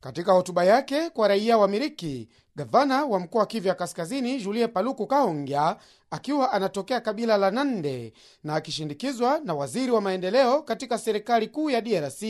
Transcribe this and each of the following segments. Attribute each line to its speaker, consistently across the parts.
Speaker 1: Katika hotuba yake kwa raia wa Miriki, gavana wa mkoa wa Kivu ya Kaskazini Julie Paluku Kaongya, akiwa anatokea kabila la Nande na akishindikizwa na waziri wa maendeleo katika serikali kuu ya DRC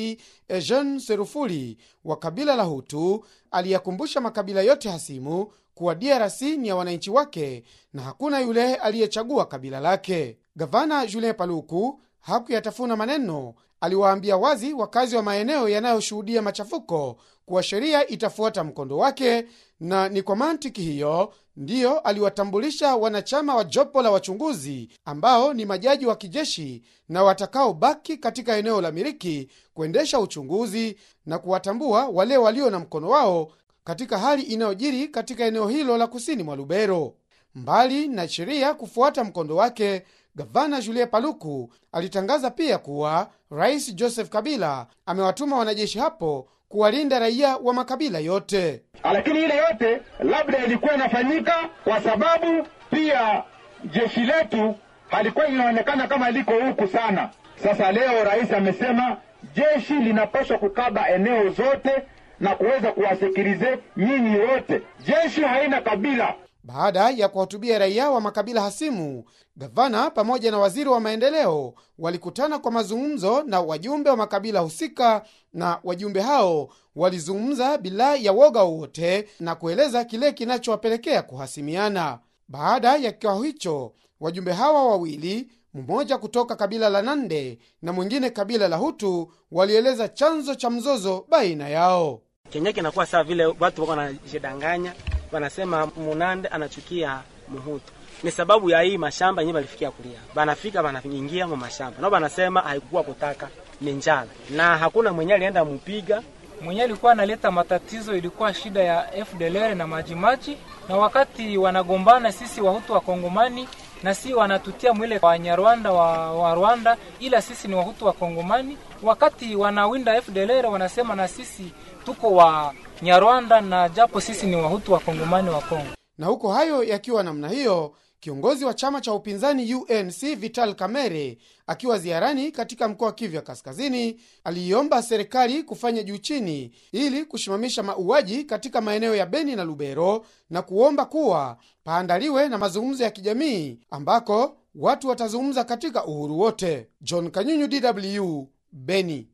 Speaker 1: Eugene Serufuli wa kabila la Hutu, aliyakumbusha makabila yote hasimu kuwa DRC ni ya wananchi wake na hakuna yule aliyechagua kabila lake. Gavana Julien Paluku hakuyatafuna maneno aliwaambia wazi wakazi wa maeneo yanayoshuhudia machafuko kuwa sheria itafuata mkondo wake, na ni kwa mantiki hiyo ndiyo aliwatambulisha wanachama wa jopo la wachunguzi ambao ni majaji wa kijeshi na watakaobaki katika eneo la Miriki kuendesha uchunguzi na kuwatambua wale walio na mkono wao katika hali inayojiri katika eneo hilo la kusini mwa Lubero. Mbali na sheria kufuata mkondo wake Gavana Julie Paluku alitangaza pia kuwa Rais Joseph Kabila amewatuma wanajeshi hapo kuwalinda raia wa makabila yote. Lakini ile yote labda ilikuwa inafanyika kwa sababu pia jeshi letu halikuwa linaonekana kama liko huku sana. Sasa leo rais amesema jeshi linapaswa kukaba eneo zote na kuweza kuwasikirize nyinyi wote. Jeshi haina kabila. Baada ya kuwahutubia raia wa makabila hasimu, gavana pamoja na waziri wa maendeleo walikutana kwa mazungumzo na wajumbe wa makabila husika, na wajumbe hao walizungumza bila ya woga wowote na kueleza kile kinachowapelekea kuhasimiana. Baada ya kikao hicho, wajumbe hawa wawili, mmoja kutoka kabila la Nande na mwingine kabila la Hutu, walieleza chanzo cha mzozo baina yao.
Speaker 2: Kenye kinakuwa saa vile watu wako wanajidanganya wanasema Munande anachukia Muhutu. Ni sababu ya hii mashamba yenyewe balifikia kulia. Banafika banaingia mu mashamba. Nao banasema haikuwa kutaka ni njala. Na hakuna mwenye alienda mpiga. Mwenye alikuwa analeta matatizo ilikuwa shida ya FDLR na majimaji na wakati wanagombana sisi Wahutu wa Kongomani na si wanatutia mwile Wanyarwanda wa, wa Rwanda, ila sisi ni wahutu wa Kongomani. Wakati wanawinda FDLR wanasema na sisi tuko wa Nyarwanda, na japo sisi ni
Speaker 1: wahutu wa Kongomani wa Kongo. Na huko hayo yakiwa namna hiyo Kiongozi wa chama cha upinzani UNC Vital Kamerhe akiwa ziarani katika mkoa wa Kivu ya Kaskazini aliiomba serikali kufanya juu chini ili kusimamisha mauaji katika maeneo ya Beni na Lubero na kuomba kuwa paandaliwe na mazungumzo ya kijamii ambako watu watazungumza katika uhuru wote. John Kanyunyu, DW, Beni.